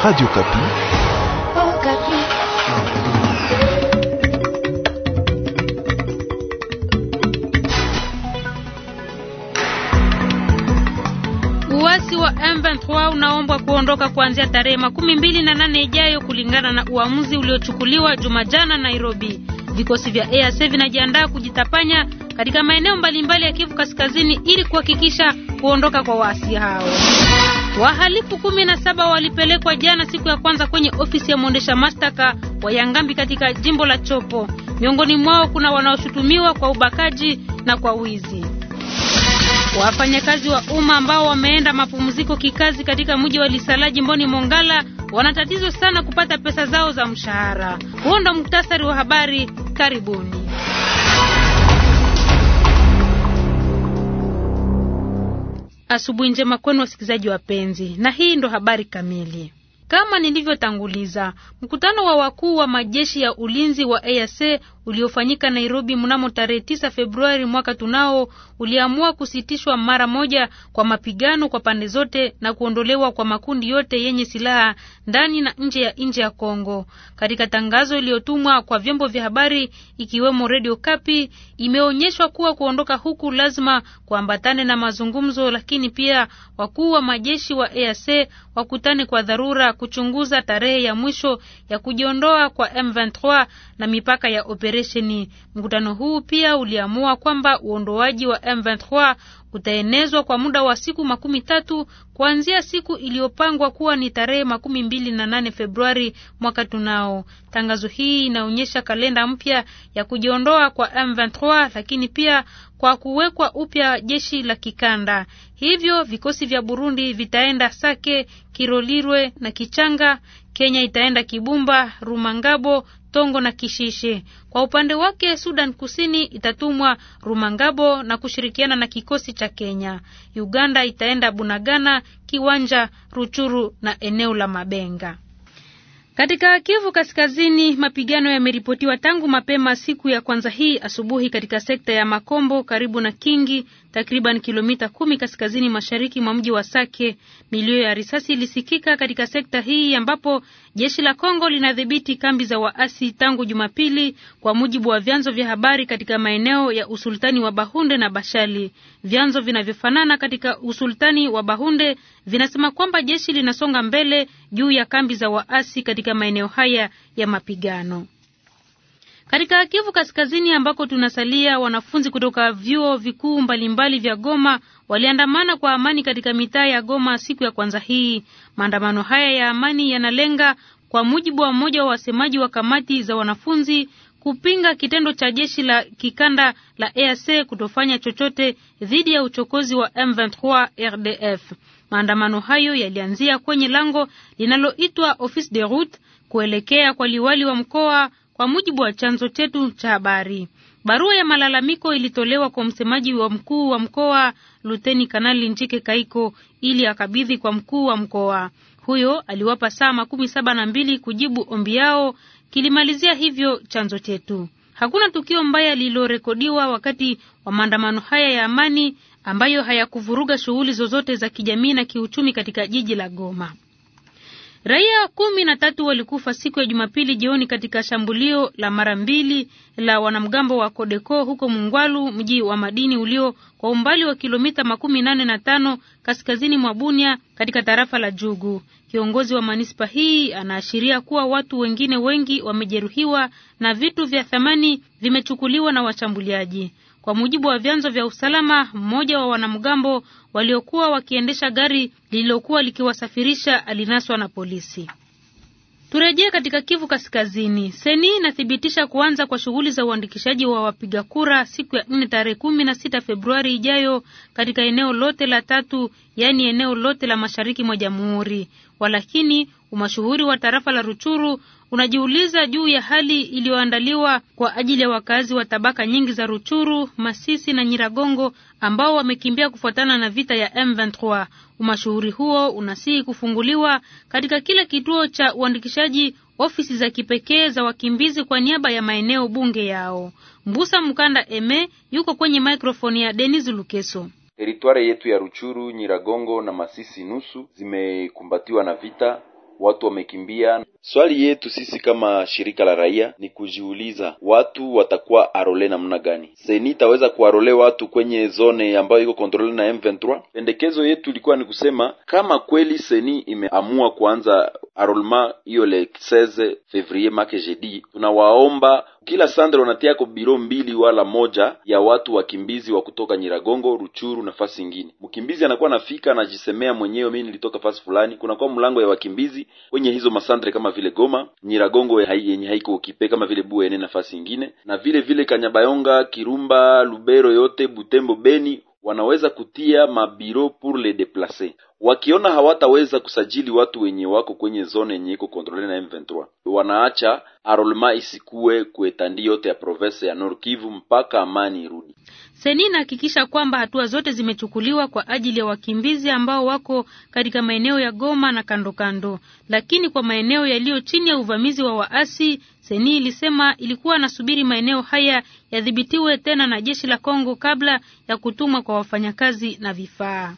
Radio Kapi. Oh, Kapi. Uasi wa M23 unaombwa kuondoka kuanzia tarehe makumi mbili na nane ijayo kulingana na uamuzi uliochukuliwa Jumajana Nairobi. Vikosi vya EAC vinajiandaa kujitapanya katika maeneo mbalimbali ya Kivu Kaskazini ili kuhakikisha kuondoka kwa waasi hao. Wahalifu kumi na saba walipelekwa jana siku ya kwanza kwenye ofisi ya mwendesha mashtaka wa Yangambi katika jimbo la Chopo. Miongoni mwao kuna wanaoshutumiwa kwa ubakaji na kwa wizi. Wafanyakazi wa umma ambao wameenda mapumziko kikazi katika mji wa Lisala jimboni Mongala wanatatizo sana kupata pesa zao za mshahara. Huo ndo muktasari wa habari. Karibuni. Asubuhi njema kwenu wasikilizaji wapenzi, na hii ndo habari kamili. Kama nilivyotanguliza, mkutano wa wakuu wa majeshi ya ulinzi wa EAC uliofanyika Nairobi mnamo tarehe 9 Februari mwaka tunao uliamua kusitishwa mara moja kwa mapigano kwa pande zote na kuondolewa kwa makundi yote yenye silaha ndani na nje ya nje ya Kongo. Katika tangazo iliyotumwa kwa vyombo vya habari ikiwemo Radio Kapi, imeonyeshwa kuwa kuondoka huku lazima kuambatane na mazungumzo, lakini pia wakuu wa majeshi wa EAC wakutane kwa dharura kuchunguza tarehe ya mwisho ya kujiondoa kwa M23 na mipaka ya operesheni operesheni. Mkutano huu pia uliamua kwamba uondoaji wa M23 utaenezwa kwa muda wa siku makumi tatu kuanzia siku iliyopangwa kuwa ni tarehe makumi mbili na nane Februari mwaka tunao. Tangazo hii inaonyesha kalenda mpya ya kujiondoa kwa M23, lakini pia kwa kuwekwa upya jeshi la kikanda. Hivyo vikosi vya Burundi vitaenda Sake, Kirolirwe na Kichanga. Kenya itaenda Kibumba, Rumangabo Tongo na Kishishe. Kwa upande wake, Sudan Kusini itatumwa Rumangabo na kushirikiana na kikosi cha Kenya. Uganda itaenda Bunagana, Kiwanja, Ruchuru na eneo la Mabenga. Katika Kivu Kaskazini, mapigano yameripotiwa tangu mapema siku ya kwanza hii asubuhi katika sekta ya Makombo karibu na Kingi, takriban kilomita kumi kaskazini mashariki mwa mji wa Sake. Milio ya risasi ilisikika katika sekta hii ambapo jeshi la Kongo linadhibiti kambi za waasi tangu Jumapili, kwa mujibu wa vyanzo vya habari katika maeneo ya usultani wa Bahunde na Bashali. Vyanzo vinavyofanana katika usultani wa Bahunde vinasema kwamba jeshi linasonga mbele juu ya kambi za waasi katika katika maeneo haya ya mapigano. Katika Kivu Kaskazini ambako tunasalia, wanafunzi kutoka vyuo vikuu mbalimbali vya Goma waliandamana kwa amani katika mitaa ya Goma siku ya kwanza hii. Maandamano haya ya amani yanalenga, kwa mujibu wa mmoja wa wasemaji wa kamati za wanafunzi, kupinga kitendo cha jeshi la kikanda la EAC kutofanya chochote dhidi ya uchokozi wa M23 RDF. Maandamano hayo yalianzia kwenye lango linaloitwa Office de Route kuelekea kwa liwali wa mkoa, kwa mujibu wa chanzo chetu cha habari. Barua ya malalamiko ilitolewa kwa msemaji wa mkuu wa mkoa Luteni Kanali Njike Kaiko ili akabidhi kwa mkuu wa mkoa huyo. Aliwapa saa makumi saba na mbili kujibu ombi yao, kilimalizia hivyo chanzo chetu. Hakuna tukio mbaya lililorekodiwa wakati wa maandamano haya ya amani, ambayo hayakuvuruga shughuli zozote za kijamii na kiuchumi katika jiji la Goma. Raia kumi na tatu walikufa siku ya Jumapili jioni katika shambulio la mara mbili la wanamgambo wa Kodeko huko Mungwalu, mji wa madini ulio kwa umbali wa kilomita makumi nane na tano kaskazini mwa Bunia katika tarafa la Jugu. Kiongozi wa manispa hii anaashiria kuwa watu wengine wengi wamejeruhiwa na vitu vya thamani vimechukuliwa na washambuliaji. Kwa mujibu wa vyanzo vya usalama, mmoja wa wanamgambo waliokuwa wakiendesha gari lililokuwa likiwasafirisha alinaswa na polisi. Turejee katika Kivu Kaskazini. Seni inathibitisha kuanza kwa shughuli za uandikishaji wa wapiga kura siku ya nne tarehe kumi na sita Februari ijayo katika eneo lote la tatu, yaani eneo lote la mashariki mwa jamhuri. Walakini, umashuhuri wa tarafa la Ruchuru unajiuliza juu ya hali iliyoandaliwa kwa ajili ya wakazi wa tabaka nyingi za Ruchuru, Masisi na Nyiragongo ambao wamekimbia kufuatana na vita ya M23. Umashuhuri huo unasihi kufunguliwa katika kila kituo cha uandikishaji ofisi za kipekee za wakimbizi kwa niaba ya maeneo bunge yao. Mbusa Mkanda Eme yuko kwenye mikrofoni ya Denis Lukeso. Teritwari yetu ya Ruchuru, Nyiragongo na Masisi nusu zimekumbatiwa na vita. Watu wamekimbia Swali yetu sisi kama shirika la raia ni kujiuliza watu watakuwa arole namna gani? Seni itaweza kuarole watu kwenye zone ambayo iko kontrole na M23. Pendekezo yetu ilikuwa ni kusema kama kweli seni imeamua kuanza arolema hiyo le 16 fevrier make jeudi, tunawaomba kila sandre wanatiako biro mbili wala moja ya watu wakimbizi wa kutoka Nyiragongo, Ruchuru na fasi ingine. Mkimbizi anakuwa nafika anajisemea mwenyewe, mimi nilitoka fasi fulani, kunakuwa mlango ya wakimbizi kwenye hizo masandre kama kama vile Goma, Nyiragongo yenye haiko Kipe kama vile Buene nafasi ingine, na vile vile Kanyabayonga, Kirumba, Lubero yote, Butembo, Beni wanaweza kutia mabiro pour les déplacer wakiona hawataweza kusajili watu wenye wako kwenye zone yenye iko kontrole na M23, wanaacha arolma isikue kuetandi yote ya province ya Nord Kivu mpaka amani irudi. Seni inahakikisha kwamba hatua zote zimechukuliwa kwa ajili ya wakimbizi ambao wako katika maeneo ya Goma na kando kando, lakini kwa maeneo yaliyo chini ya uvamizi wa waasi, Seni ilisema ilikuwa nasubiri maeneo haya yadhibitiwe tena na jeshi la Kongo kabla ya kutumwa kwa wafanyakazi na vifaa.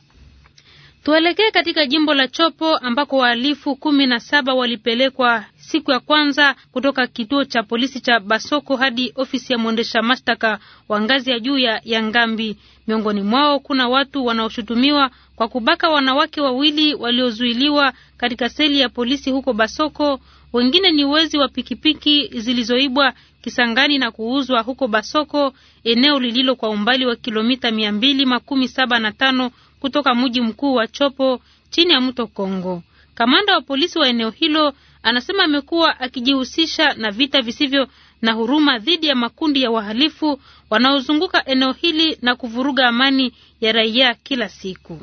Tuelekee katika jimbo la Chopo ambako wahalifu kumi na saba walipelekwa siku ya kwanza kutoka kituo cha polisi cha Basoko hadi ofisi ya mwendesha mashtaka wa ngazi ya juu ya Yangambi. Miongoni mwao kuna watu wanaoshutumiwa kwa kubaka wanawake wawili waliozuiliwa katika seli ya polisi huko Basoko. Wengine ni wezi wa pikipiki zilizoibwa Kisangani na kuuzwa huko Basoko, eneo lililo kwa umbali wa kilomita mia mbili makumi saba na tano kutoka mji mkuu wa Chopo chini ya mto Kongo. Kamanda wa polisi wa eneo hilo anasema amekuwa akijihusisha na vita visivyo na huruma dhidi ya makundi ya wahalifu wanaozunguka eneo hili na kuvuruga amani ya raia kila siku.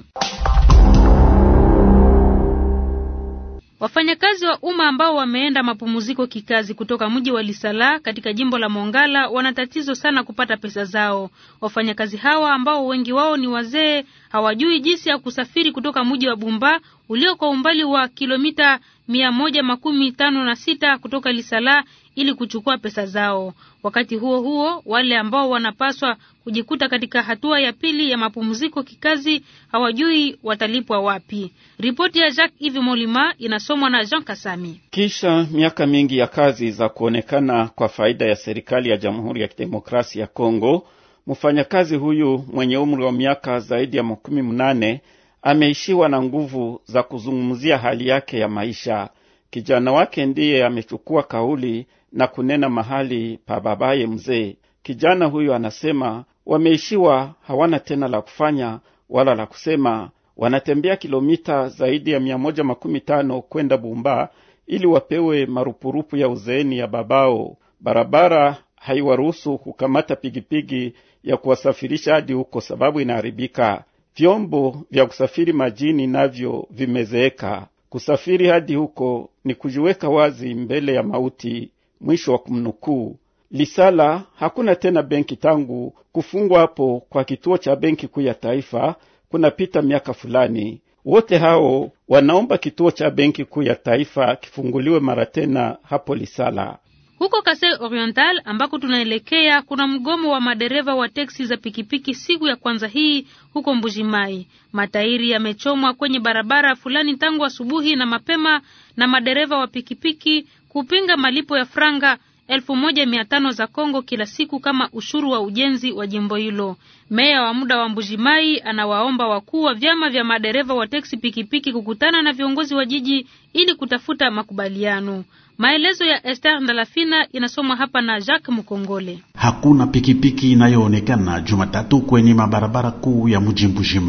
Wafanyakazi wa umma ambao wameenda mapumziko kikazi kutoka mji wa Lisala katika jimbo la Mongala wana tatizo sana kupata pesa zao. Wafanyakazi hawa ambao wengi wao ni wazee hawajui jinsi ya kusafiri kutoka mji wa Bumba ulio kwa umbali wa kilomita mia moja makumi tano na sita kutoka Lisala ili kuchukua pesa zao. Wakati huo huo, wale ambao wanapaswa kujikuta katika hatua ya pili ya mapumziko kikazi hawajui watalipwa wapi. Ripoti ya Jacques Yves Molima inasomwa na Jean Kasami. Kisha miaka mingi ya kazi za kuonekana kwa faida ya serikali ya Jamhuri ya Kidemokrasia ya Kongo, mfanyakazi huyu mwenye umri wa miaka zaidi ya makumi mnane ameishiwa na nguvu za kuzungumzia hali yake ya maisha. Kijana wake ndiye amechukua kauli na kunena mahali pa babaye mzee. Kijana huyo anasema wameishiwa, hawana tena la kufanya wala la kusema. Wanatembea kilomita zaidi ya 115 kwenda Bumba ili wapewe marupurupu ya uzeeni ya babao. Barabara haiwaruhusu kukamata pigipigi ya kuwasafirisha hadi huko, sababu inaharibika. Vyombo vya kusafiri majini navyo vimezeeka. Kusafiri hadi huko ni kujiweka wazi mbele ya mauti. Mwisho wa kumnukuu. Lisala hakuna tena benki tangu kufungwa hapo kwa kituo cha benki kuu ya taifa kunapita miaka fulani. Wote hao wanaomba kituo cha benki kuu ya taifa kifunguliwe mara tena hapo Lisala. Huko Kasai Oriental ambako tunaelekea kuna mgomo wa madereva wa teksi za pikipiki siku ya kwanza hii huko Mbujimai. Matairi yamechomwa kwenye barabara fulani tangu asubuhi na mapema na madereva wa pikipiki kupinga malipo ya franga 1500 za Kongo kila siku kama ushuru wa ujenzi wa jimbo hilo. Meya wa muda wa Mbujimai anawaomba wakuu wa vyama vya madereva wa teksi pikipiki kukutana na viongozi wa jiji ili kutafuta makubaliano. Maelezo ya Esther Ndalafina inasomwa hapa na Jacques Mukongole hakuna pikipiki inayoonekana Jumatatu kwenye mabarabara kuu ya mji mbuji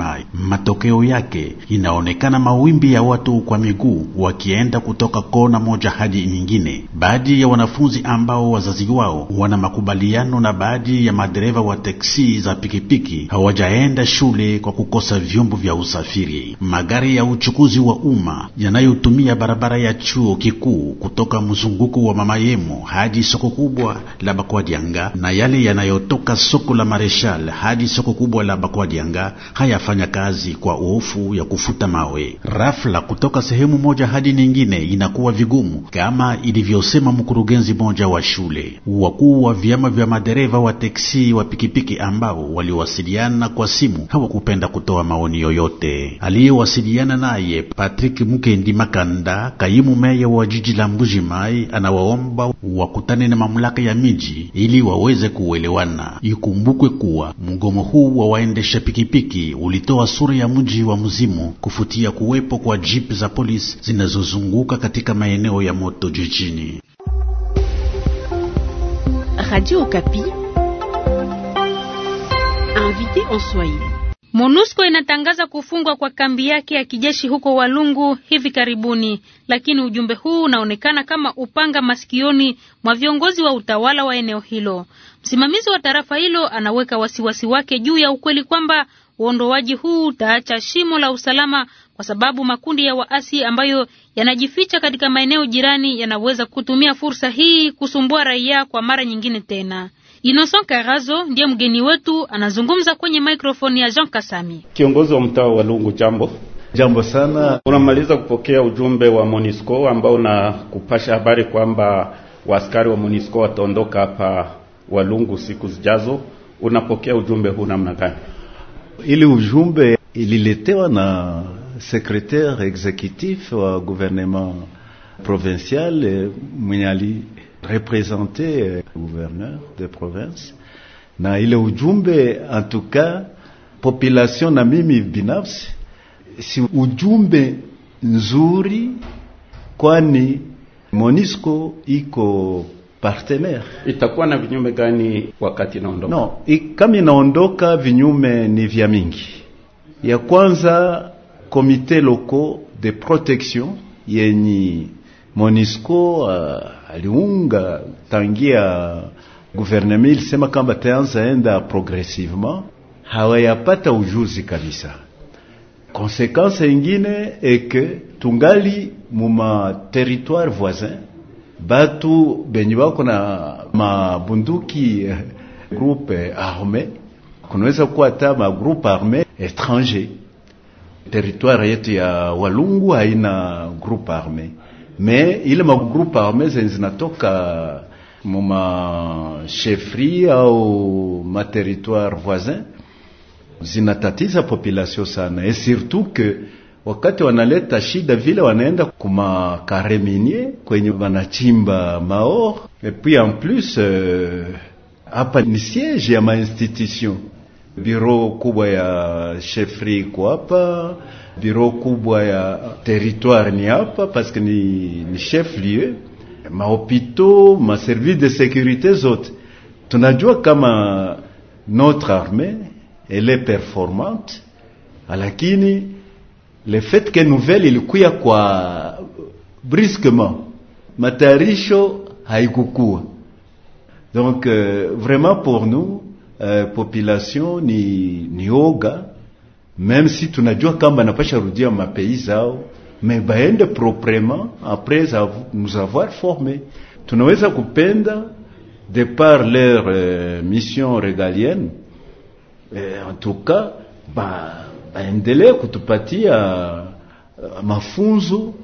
Matokeo yake inaonekana mawimbi ya watu kwa miguu wakienda kutoka kona moja hadi nyingine. Baadhi ya wanafunzi ambao wazazi wao wana makubaliano na baadhi ya madereva wa teksi za pikipiki hawajaenda shule kwa kukosa vyombo vya usafiri. Magari ya uchukuzi wa umma yanayotumia barabara ya chuo kikuu kutoka mzunguko wa Mama Yemo hadi soko kubwa la Bakwadianga na yale yanayotoka soko la marechal hadi soko kubwa la Bakwadianga hayafanya kazi kwa hofu ya kufuta mawe. Rafla kutoka sehemu moja hadi nyingine inakuwa vigumu, kama ilivyosema mkurugenzi mmoja wa shule. Wakuu wa vyama vya madereva wa teksi wa pikipiki ambao waliwasiliana kwa simu hawakupenda kutoa maoni yoyote. Aliyewasiliana naye Patrick Mukendi Makanda, kaimu meya wa jiji la Mbuji Mai, anawaomba wakutane na mamlaka ya miji ili wawe waweze kuelewana. Ikumbukwe kuwa mgomo huu wa waendesha pikipiki ulitoa sura ya mji wa mzimu kufutia kuwepo kwa jeep za polisi zinazozunguka katika maeneo ya moto jijini. Radio Okapi, invité en Swahili. MONUSCO inatangaza kufungwa kwa kambi yake ya kijeshi huko Walungu hivi karibuni, lakini ujumbe huu unaonekana kama upanga masikioni mwa viongozi wa utawala wa eneo hilo. Msimamizi wa tarafa hilo anaweka wasiwasi wake juu ya ukweli kwamba Uondoaji huu utaacha shimo la usalama kwa sababu makundi ya waasi ambayo yanajificha katika maeneo jirani yanaweza kutumia fursa hii kusumbua raia kwa mara nyingine tena. Innocent Karazo ndiye mgeni wetu, anazungumza kwenye maikrofoni ya Jean Kasami, kiongozi wa mtaa wa Lungu. Jambo jambo sana. Unamaliza kupokea ujumbe wa Monisco ambao unakupasha habari kwamba waaskari wa Monisco wataondoka hapa Walungu siku zijazo. Unapokea ujumbe huu namna gani? ili ujumbe ililetewa na secretaire executif wa gouvernement provincial mwenye alirepresente eh, gouverneur de province, na ile ujumbe en antuka population na mimi binafsi, si ujumbe nzuri, kwani Monisco iko partenaire. Itakuwa na vinyume gani wakati inaondoka? No, kama inaondoka vinyume ni vya mingi. Ya kwanza komite loko de protection yenye Monisco uh, aliunga tangia guvernema ilisema kamba taanza enda progressivement, hawayapata ujuzi kabisa. Konsekansi ingine eke tungali muma territoire voisin batu benye bako na mabunduki eh, groupe eh, arme kunaweza kuwa hata magroupe arme etranger. Territoire yetu ya Walungu haina groupe arme, me ile magroupe arme zenye zinatoka muma chefferie au materitware voisin zinatatiza population sana, et surtout que wakati wanaleta shida vile wanaenda kumakare menie kwenye wanachimba maor et puis en plus euh, hapa euh, ni siege ya mainstitution biro kubwa ya chefri iko hapa, biro kubwa ya territoire ni hapa parce que ni, ni chef lieu. Mahopito, maservice de securite zote, tunajua kama notre armée elle est performante, lakini Le fait que nouvelle ilikuya kwa brusquement, matarisho haikukua. Donc euh, vraiment pour nous euh, population ni, ni même si tunajua kamba napasha rudia ma zao, mais baende proprement après nous avoir formés. Tunaweza kupenda de par leur euh, mission régalienne, en tout cas bah, aendelee kutupatia euh, mafunzo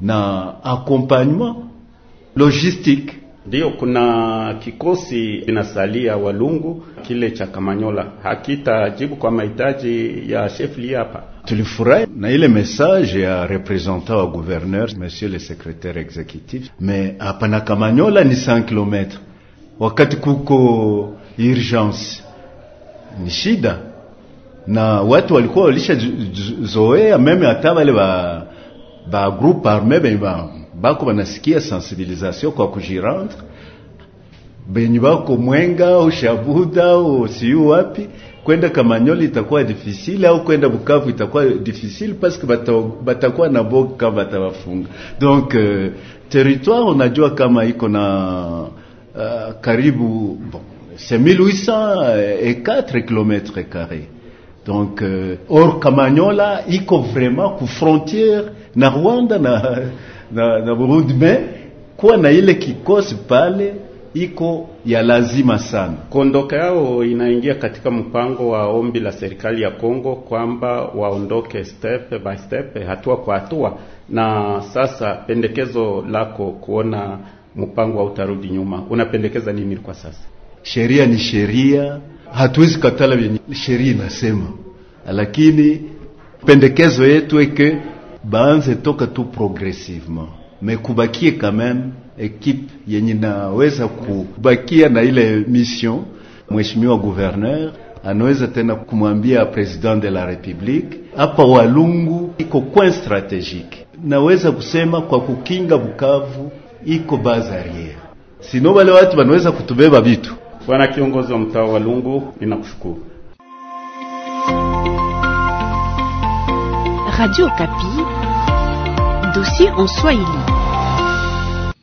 na accompagnement logistique. Ndiyo, kuna kikosi inasalia Walungu, kile cha Kamanyola hakitajibu kwa mahitaji ya shefli hapa. Tulifurahi na ile message ya representant wa gouverneur, monsieur le secretaire exécutif, me hapa na Kamanyola ni 100 km, wakati kuko urgence ni shida na watu walikuwa walishazoea meme, hata wale ba, ba groupe armé ben ba, bako sensibilisation kwa kujirandre, beniwa bako Mwenga ushabuda au wapi kwenda Kamanyoli itakuwa difficile au kwenda Bukavu itakuwa difficile parce que batakuwa na boga kama batawafunga. Donc euh, territoire unajua kama iko na euh, karibu bon, c'est km carrés Donc euh, or Kamanyola iko vraiment ku frontière na Rwanda na, na, na Burundi, mais kuwa na ile kikosi pale iko ya lazima sana. Kuondoka yao inaingia katika mpango wa ombi la serikali ya Kongo kwamba waondoke step by step, hatua kwa hatua. Na sasa pendekezo lako kuona mpango wa utarudi nyuma, unapendekeza nini kwa sasa? Sheria ni sheria hatuwezi katala vyenye sheria inasema, lakini pendekezo yetu eke baanze toka tu progressivement mekubakie quand même ekipe yenye naweza kubakia na ile mission. Mheshimiwa gouverneur anaweza tena kumwambia president de la republique hapa Walungu iko coin strategique, naweza kusema kwa kukinga Bukavu iko bazariere, sino wale watu wanaweza kutubeba vitu Bwana kiongozi wa mtaa wa Lungu, ninakushukuru. Radio Kapi, dossier en Swahili.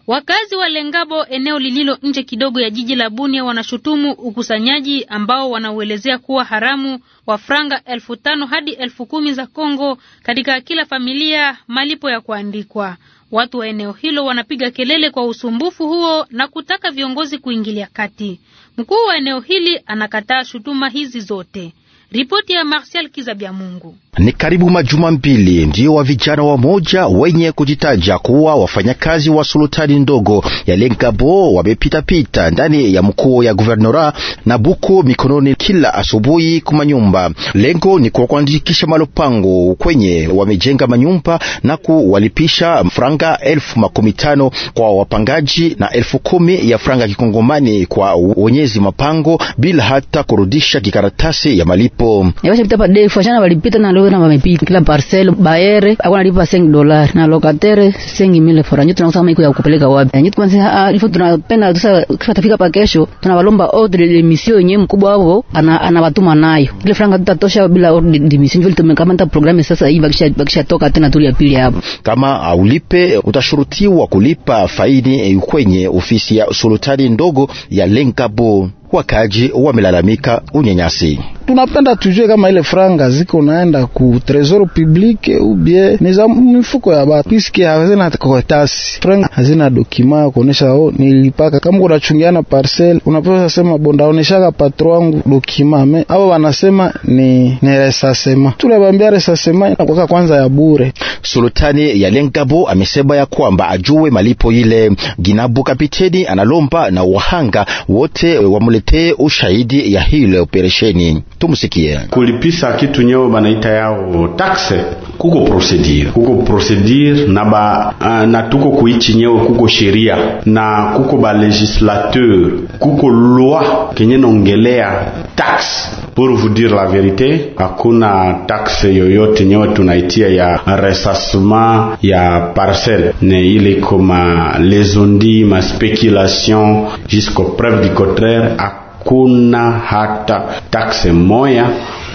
Wakazi wa Lengabo, eneo lililo nje kidogo ya jiji la Bunia, wanashutumu ukusanyaji ambao wanauelezea kuwa haramu wa franga elfu tano hadi elfu kumi za Kongo katika kila familia, malipo ya kuandikwa. Watu wa eneo hilo wanapiga kelele kwa usumbufu huo na kutaka viongozi kuingilia kati. Mkuu wa eneo hili anakataa shutuma hizi zote. Ripoti ya Martial Kizabia Mungu. Ni karibu majuma mbili ndio wa vijana wamoja wenye kujitaja kuwa wafanyakazi wa sultani ndogo ya Lengabo wamepitapita ndani ya mkuu ya guvernora na buku mikononi kila asubuhi kumanyumba. Lengo ni kwa kuandikisha malopango kwenye wamejenga manyumba na kuwalipisha franga elfu makumi tano kwa wapangaji na elfu kumi ya franga kikongomani kwa wenyezi mapango bila hata kurudisha kikaratasi ya malipo hapo yabasha mtapa defu ashana walipita na lowe na bamepita kila parcel baere akwa nalipa 5 dollars na lokatere 5000 fora nyote tunakusema iko ya kupeleka wapi nyote kwanza ah, ah, ifo tunapenda tusa kifata fika pa kesho tunabalomba ordre de mission yenyewe mkubwa ana anabatuma nayo ile franga tutatosha bila ordre de mission vile tumekama nta programu sasa hii bakisha bakisha toka tena tuli ya pili hapo kama aulipe utashurutiwa kulipa faini eh, kwenye ofisi ya sultani ndogo ya Lenkabo wakaji wamelalamika unyanyasi. Tunapenda tujue kama ile franga ziko naenda ku trésor public bien ni za mifuko ya batu, piski hazina koratasi, franga hazina dokima kuonesha oh, nilipaka. Kama unachungiana parcel, unapewa sema bonda oneshaka patro wangu dokima me hapo, wanasema ni ni resasema, tunabambia resasema kwa kwanza ya bure. Sultani ya Lengabo amesema ya kwamba ajue malipo ile Ginabu kapiteni analomba na wahanga wote wamule atuletee ushahidi ya hile operesheni. Tumusikie. kulipisa kitu nyeo banaita yao taxe kuko procedure kuko procedure na ba uh, na tuko kuichi nyeo kuko sheria na kuko ba legislateur kuko loi kenye nongelea taxe Pour vous dire la vérité, hakuna taxe yoyote nyewe tunaitia ya resasma ya parcelle, ne ile koma lezondi ma speculation jusqu'au preuve du contraire, hakuna hata taxe moya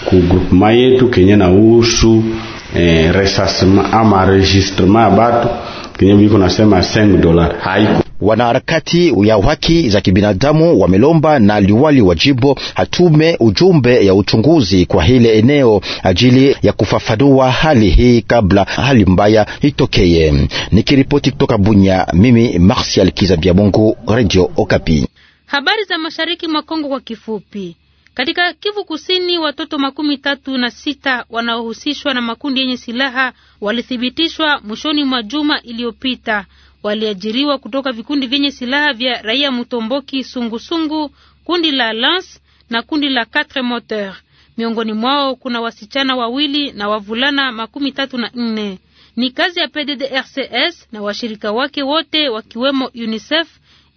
kugrupema yetu kenye usu eh, resasma ama enregistrement ya batu kenye biko nasema 5 dollars haiko Wanaharakati ya haki za kibinadamu wamelomba na liwali wa jimbo hatume ujumbe ya uchunguzi kwa hile eneo ajili ya kufafanua hali hii kabla hali mbaya itokeye. Nikiripoti kutoka Bunya, mimi Martial Kizambia Mungu, Radio Okapi. Habari za mashariki mwa Kongo kwa kifupi. Katika Kivu Kusini, watoto makumi tatu na sita wanaohusishwa na makundi yenye silaha walithibitishwa mwishoni mwa juma iliyopita waliajiriwa kutoka vikundi vyenye silaha vya raia Mutomboki sungusungu, kundi la Lance na kundi la Quatre Moteur. Miongoni mwao kuna wasichana wawili na wavulana makumi tatu na nne. Ni kazi ya PDDRCS na washirika wake wote wakiwemo UNICEF,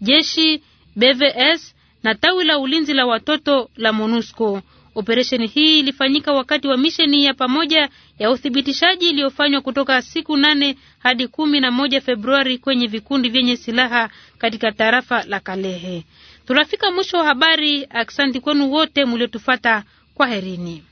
jeshi, BVS na tawi la ulinzi la watoto la MONUSCO. Operesheni hii ilifanyika wakati wa misheni ya pamoja ya uthibitishaji iliyofanywa kutoka siku nane hadi kumi na moja Februari kwenye vikundi vyenye silaha katika tarafa la Kalehe. Tunafika mwisho wa habari. Aksanti kwenu wote mliotufata. Kwaherini.